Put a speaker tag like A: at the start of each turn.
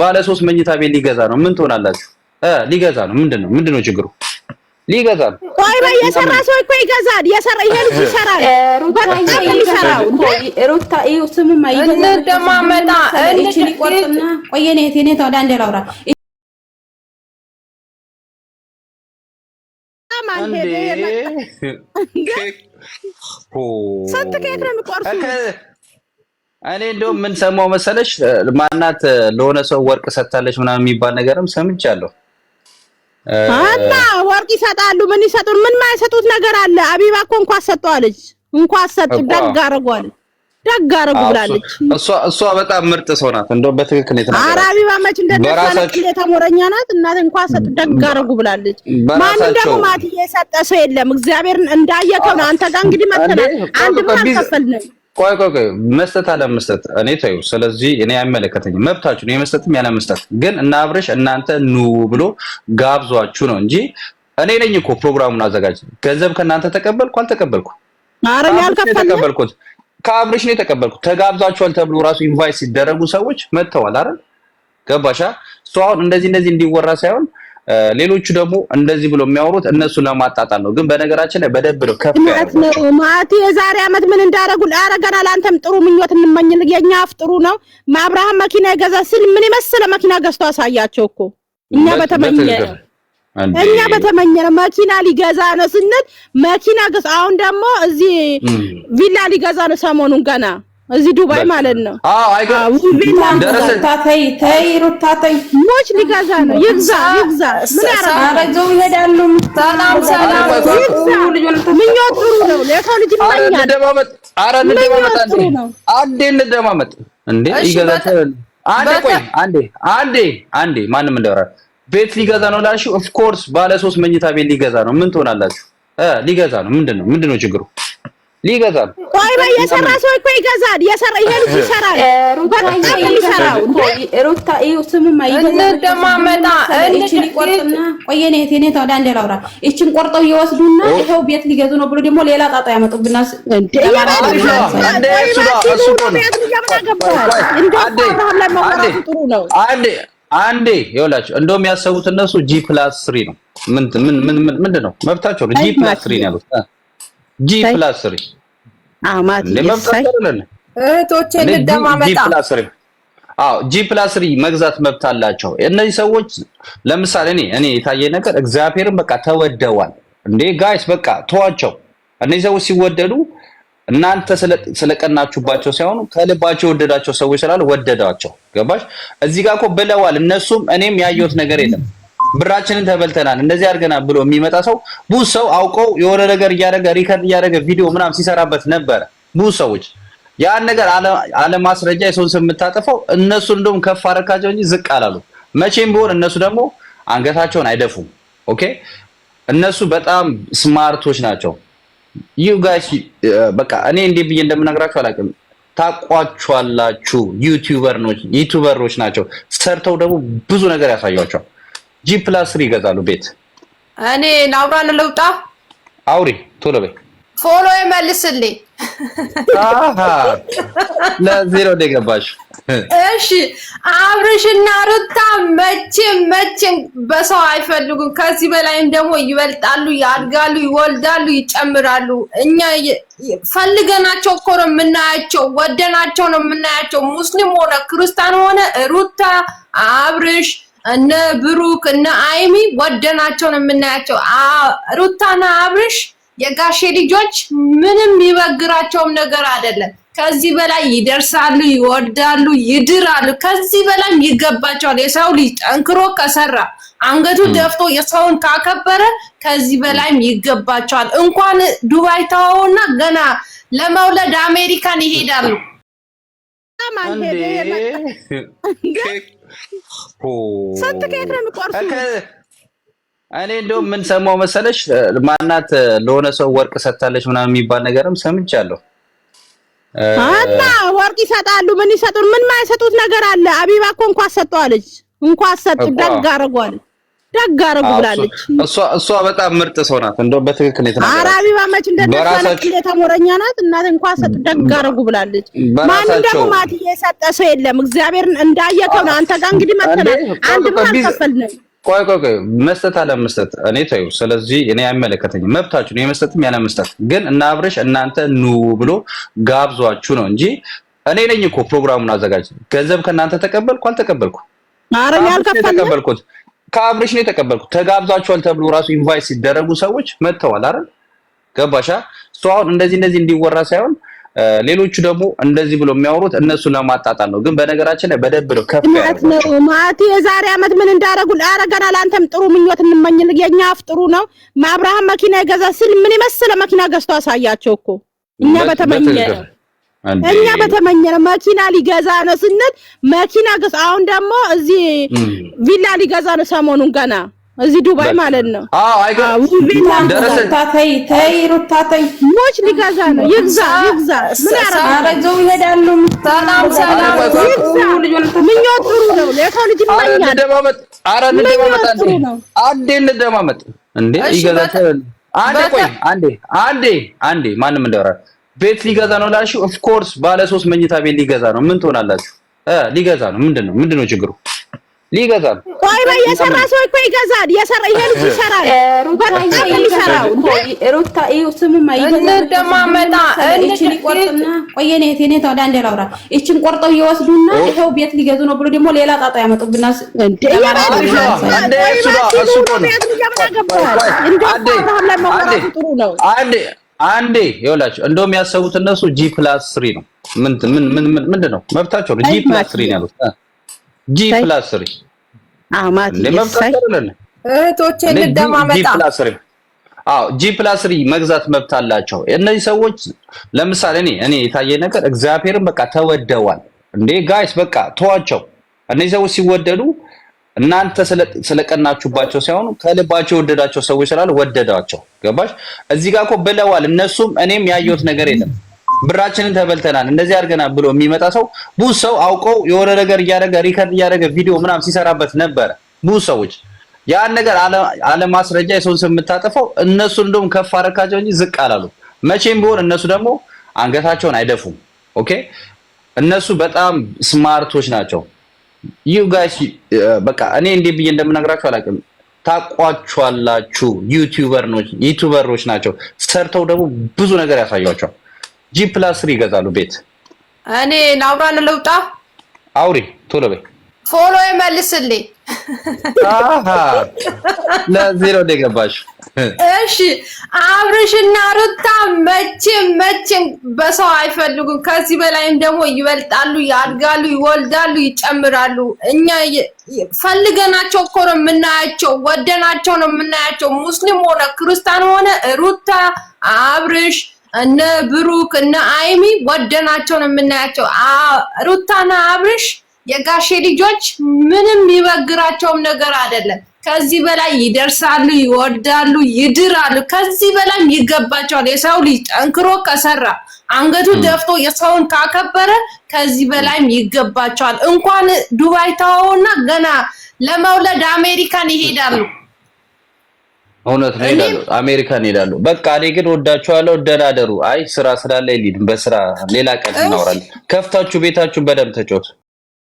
A: ባለ ሶስት መኝታ ቤት ሊገዛ ነው። ምን ትሆናላችሁ? ሊገዛ ነው። ምንድን ነው ምንድን ነው ችግሩ? ሊገዛ ነው።
B: ቆይ በይ፣ የሰራ ሰው እኮ ይገዛል። የሰራ ይሄ ልጅ ይሰራል። ሩታ ይኸው ስምም
C: እንደማመጣ
B: እቺ ቆርጥና ቆይ፣ እኔ እኔ ተወዳ እንደ ላውራ ስንት ኬክ ነው የሚቆርሱት?
A: እኔ እንደውም ምን ሰማው መሰለሽ፣ ማናት ለሆነ ሰው ወርቅ ሰጥታለች ምናምን የሚባል ነገርም ሰምቻለሁ።
B: እና ወርቅ ይሰጣሉ። ምን ይሰጡን? ምን ማይሰጡት ነገር አለ? አቢባ እኮ እንኳን ሰጠዋለች፣ እንኳን ሰጡ፣ ደግ አደረጓል፣ ደግ አደረጉ ብላለች።
A: እሷ እሷ በጣም ምርጥ ሰው ናት። እንደውም በትክክል ነው
B: የተናገረች ኧረ አቢባ መች እንደደሳለች የተሞረኛ ናት። እና እንኳን ሰጡ፣ ደግ አደረጉ ብላለች። ማን ደግሞ ማትዬ የሰጠ ሰው የለም። እግዚአብሔር እንዳየከው ነው። አንተ ጋር እንግዲህ መተናል አንድ ብር አልከፈልንም
A: ቆይ ቆይ ቆይ መስጠት አለመስጠት እኔ ተይው። ስለዚህ እኔ አይመለከተኝም፣ መብታችሁ ነው የመስጠትም ያለመስጠት። ግን እና አብረሽ እናንተ ኑ ብሎ ጋብዟችሁ ነው እንጂ እኔ ነኝ እኮ ፕሮግራሙን አዘጋጅ። ገንዘብ ከእናንተ ተቀበልኩ አልተቀበልኩ ተቀበልኩት ከአብረሽ ነው የተቀበልኩት። ተጋብዛችኋል ተብሎ ራሱ ኢንቫይት ሲደረጉ ሰዎች መጥተዋል አይደል? ገባሻ? እሱ አሁን እንደዚህ እንደዚህ እንዲወራ ሳይሆን ሌሎቹ ደግሞ እንደዚህ ብሎ የሚያወሩት እነሱ ለማጣጣል ነው። ግን በነገራችን ላይ በደብ ነው ከፍ
B: ነው ማቲ የዛሬ አመት ምን እንዳረጉ አረገናል። አንተም ጥሩ ምኞት እንመኝል። የኛ አፍ ጥሩ ነው። ማብርሃም መኪና የገዛ ስል ምን የመሰለ መኪና ገዝቶ አሳያቸው እኮ እኛ በተመኘ እኛ በተመኘ ነው መኪና ሊገዛ ነው ስንል መኪና ገዝ አሁን ደግሞ እዚህ ቪላ ሊገዛ ነው ሰሞኑን ገና እዚህ ዱባይ ማለት ነው።
A: አዎ አይገርም።
B: ተይ ተይ ሩታ ተይ፣ ሞች ሊገዛ ነው። ይግዛ ይግዛ። ምን ያረጋው ይሄዳሉ። ሰላም ሰላም። ምኞት ጥሩ ነው። ለሰው ልጅ ይመኛል። አረ እንደማመጥ አንዴ እንደማመጥ እንዴ ይገዛታል። አንዴ ቆይ አንዴ አንዴ አንዴ ማንም እንደወራ ቤት ሊገዛ ነው ላልሽው፣ ኦፍ ኮርስ ባለ ሶስት መኝታ ቤት ሊገዛ ነው። ምን ትሆናላችሁ? እ ሊገዛ ነው። ምንድን ነው ምንድን ነው ችግሩ? ሊገዛ ቆይ በይ የሰራ ሰው እኮ ይገዛል። የሰራ ይሄ ልጅ ይሰራል። ሩታ ይኸው ስምማ እንደማመጣ እችን ቆርጥና ቆይ የኔ እህት የኔ ተወዳ እንደ ላውራ እቺን ቆርጠው ይወስዱና ይሄው ቤት ሊገዙ ነው ብሎ ደግሞ ሌላ ጣጣ ያመጡብናል። አንዴ አንዴ ይኸውላችሁ እንደው የሚያሰቡት እነሱ ጂ ፕላስ ስሪ ነው። ምንድን ነው መብታቸው ነው። ጂ ፕላስ ስሪ ነው ያሉት ጂ ፕላስ ስሪ እህቶቼ እንደማመጣ ጂ ፕላስ ስሪ መግዛት መብት አላቸው። እነዚህ ሰዎች ለምሳሌ እኔ እኔ የታየ ነገር እግዚአብሔርን በቃ ተወደዋል እንዴ ጋይስ፣ በቃ ተዋቸው። እነዚህ ሰዎች ሲወደዱ እናንተ ስለቀናችሁባቸው ሳይሆኑ ከልባቸው የወደዳቸው ሰዎች ስላሉ ወደዳቸው። ገባሽ? እዚህ ጋር እኮ ብለዋል እነሱም እኔም ያየሁት ነገር የለም ብራችንን ተበልተናል እንደዚህ አድርገናል ብሎ የሚመጣ ሰው ብዙ ሰው አውቀው የሆነ ነገር እያደረገ ሪከርድ እያደረገ ቪዲዮ ምናምን ሲሰራበት ነበረ። ብዙ ሰዎች ያን ነገር አለማስረጃ የሰውን ስም የምታጠፈው እነሱ እንደውም ከፍ አረካቸው እንጂ ዝቅ አላሉ። መቼም ቢሆን እነሱ ደግሞ አንገታቸውን አይደፉም። ኦኬ እነሱ በጣም ስማርቶች ናቸው። ዩ ጋይስ በቃ እኔ እንዴት ብዬ እንደምነግራችሁ አላውቅም። ታቋቸዋላችሁ። ዩቲዩበሮች ናቸው። ሰርተው ደግሞ ብዙ ነገር ያሳያቸዋል። ጂ ፕላስ ስሪ ይገዛሉ ቤት። እኔ ናውራን ለውጣ አውሪ ቶሎ በይ። ፎሎ ይመልስልኝ። አሃ ለዜሮ ደገባሽ። እሺ አብርሽና ሩታ መቼም መቼም በሰው አይፈልጉም። ከዚህ በላይም ደግሞ ይበልጣሉ፣ ያድጋሉ፣ ይወልዳሉ፣ ይጨምራሉ። እኛ ፈልገናቸው እኮ ነው የምናያቸው፣ ወደናቸው ነው የምናያቸው። ሙስሊም ሆነ ክርስቲያን ሆነ ሩታ አብርሽ እነ ብሩክ እነ አይሚ ወደናቸው ነው የምናያቸው። ሩታና አብርሽ የጋሼ ልጆች ምንም የሚበግራቸውም ነገር አይደለም። ከዚህ በላይ ይደርሳሉ፣ ይወርዳሉ፣ ይድራሉ። ከዚህ በላይም ይገባቸዋል። የሰው ልጅ ጠንክሮ ከሰራ አንገቱ ደፍቶ የሰውን ካከበረ ከዚህ በላይም ይገባቸዋል። እንኳን ዱባይ ተዋውና ገና ለመውለድ አሜሪካን ይሄዳሉ። በጣም አልሄደ። ስንት ኬክ ነው የሚቆርሱ? እኔ እንደውም ምን ሰማው መሰለሽ፣ ማናት ለሆነ ሰው ወርቅ ሰጥታለች ምናምን የሚባል ነገርም ሰምቻለሁ። እና ወርቅ ይሰጣሉ። ምን ይሰጡን? ምን ማይሰጡት ነገር አለ? አቢባ እኮ እንኳን ሰጠዋለች፣ እንኳ ሰጡ፣ ደግ አረጓለች። ደግ ብላለች። እሷ በጣም ምርጥ ሰው ናት። እንደው በትክክል አራቢ ባመች ናት። እናት እንኳን ሰጥ ደግ ብላለች። ማንም ደግሞ ሰው የለም። እግዚአብሔር እንዳየከው ነው። አንተ ጋር እንግዲህ መተናል። አልከፈልንም። ቆይ ቆይ ቆይ መስጠት እኔ ተይው። ስለዚህ እኔ አይመለከተኝም፣ መብታችሁ ነው የመስጠትም ያለ መስጠት። ግን እና አብረሽ እናንተ ኑ ብሎ ጋብዟችሁ ነው እንጂ እኔ ነኝ እኮ ፕሮግራሙን አዘጋጅ። ገንዘብ ከእናንተ ተቀበልኩ አልተቀበልኩ፣ አረ ያልከፈልኩት ከአብሬሽ ነው የተቀበልኩት። ተጋብዛችኋል ተብሎ ራሱ ኢንቫይት ሲደረጉ ሰዎች መጥተዋል አይደል? ገባሻ? እሱ አሁን እንደዚህ እንደዚህ እንዲወራ ሳይሆን ሌሎቹ ደግሞ እንደዚህ ብሎ የሚያወሩት እነሱ ለማጣጣል ነው። ግን በነገራችን ላይ በደብ ነው ከፍ ነው ማቲ የዛሬ አመት ምን እንዳረጉ አረገና ለአንተም ጥሩ ምኞት እንመኝል። የኛ አፍ ጥሩ ነው። አብርሃም መኪና የገዛ ስል ምን የመሰለ መኪና ገዝቶ አሳያቸው እኮ እኛ በተመኘ እኛ በተመኘነ መኪና ሊገዛ ነው ስንል መኪና ገዛ። አሁን ደግሞ እዚህ ቪላ ሊገዛ ነው ሰሞኑን ገና እዚህ ዱባይ ማለት ነው። ተይ ሞች ሊገዛ ነው። ይግዛ ይግዛ። ምን ይሄዳሉ። ሰላም ሰላም። ምኞት ጥሩ ነው። ልጅ ይመኛል። አረ እንደማመጥ አንዴ እንደማመጥ እንዴ ይገዛ። አንዴ ቆይ፣ አንዴ አንዴ አንዴ ማንም እንዳወራ ቤት ሊገዛ ነው ላልሽው፣ ኦፍ ኮርስ ባለ ሶስት መኝታ ቤት ሊገዛ ነው። ምን ትሆናላችሁ? ሊገዛ ነው። ምንድን ነው ምንድን ነው ችግሩ? ሊገዛ ነው። ቆይ በይ፣ የሰራ ሰው እኮ ይገዛል። የሰራ ይሄ ልጅ ይሰራል። ሩታ ይኸው ስሙማ እንደማመጣ እቺን ይቆርጥና፣ ቆይ የኔ እህቴ እኔ ተወዳ እንደ ላውራ እቺን ቆርጠው ይወስዱና ይሄው ቤት ሊገዙ ነው ብሎ ደግሞ ሌላ ጣጣ ያመጡብና እንደ ያመጣ ነው። አንዴ ይኸውላችሁ እንደውም ያሰቡት እነሱ ጂ ፕላስ ስሪ ነው። ምን ምን ምን ምንድን ነው መብታቸው ነው። ጂ ፕላስ ስሪ ነው ያሉት። ጂ ፕላስ ስሪ እህቶቼ ጂ ፕላስ ስሪ መግዛት መብት አላቸው እነዚህ ሰዎች። ለምሳሌ እኔ እኔ የታየ ነገር እግዚአብሔርን በቃ ተወደዋል እንዴ ጋይስ፣ በቃ ተዋቸው። እነዚህ ሰዎች ሲወደዱ እናንተ ስለቀናችሁባቸው ሳይሆኑ ከልባቸው የወደዳቸው ሰዎች ስላለ ወደዳቸው። ገባሽ? እዚህ ጋር እኮ ብለዋል እነሱም እኔም ያየሁት ነገር የለም ብራችንን ተበልተናል እንደዚህ አድርገናል ብሎ የሚመጣ ሰው ብዙ ሰው አውቀው የሆነ ነገር እያደረገ ሪከርድ እያደረገ ቪዲዮ ምናምን ሲሰራበት ነበረ። ብዙ ሰዎች ያን ነገር አለማስረጃ የሰውን ስም የምታጠፈው እነሱ እንደውም ከፍ አረካቸው እንጂ ዝቅ አላሉ። መቼም ቢሆን እነሱ ደግሞ አንገታቸውን አይደፉም። ኦኬ እነሱ በጣም ስማርቶች ናቸው። ዩ ጋይስ uh, በቃ እኔ እንዴ ብዬ እንደምነግራችሁ አላውቅም። ታቋችኋላችሁ ዩቲዩበር ነው ዩቲዩበሮች ናቸው። ሰርተው ደግሞ ብዙ ነገር ያሳያቸዋል። ጂ ፕላስ ስሪ ይገዛሉ ቤት። እኔ ናውራ ልውጣ። አውሪ ቶሎ በይ። ፎሎ መልስልኝ። ለዚህ ነው የገባሽው እሺ አብርሽና ሩታ መቼም መቼም በሰው አይፈልጉም። ከዚህ በላይም ደግሞ ይበልጣሉ፣ ያድጋሉ፣ ይወልዳሉ፣ ይጨምራሉ። እኛ ፈልገናቸው እኮ ነው የምናያቸው፣ ወደናቸው ነው የምናያቸው። ሙስሊም ሆነ ክርስቲያን ሆነ ሩታ፣ አብርሽ፣ እነ ብሩክ፣ እነ አይሚ ወደናቸው ነው የምናያቸው። ሩታና አብርሽ የጋሼ ልጆች ምንም ሚበግራቸውም ነገር አይደለም። ከዚህ በላይ ይደርሳሉ፣ ይወርዳሉ፣ ይድራሉ። ከዚህ በላይም ይገባቸዋል። የሰው ልጅ ጠንክሮ ከሰራ አንገቱ ደፍቶ የሰውን ካከበረ ከዚህ በላይም ይገባቸዋል። እንኳን ዱባይ ተወውና ገና ለመውለድ አሜሪካን ይሄዳሉ። እውነት ነው ይላሉ፣ አሜሪካን ይላሉ። በቃ እኔ ግን ወዳችኋለሁ፣ ደናደሩ። አይ ስራ ስላለ ላይ ሊድ በስራ ሌላ ቀን እናወራለን። ከፍታችሁ ቤታችሁን በደንብ ተጫወቱ።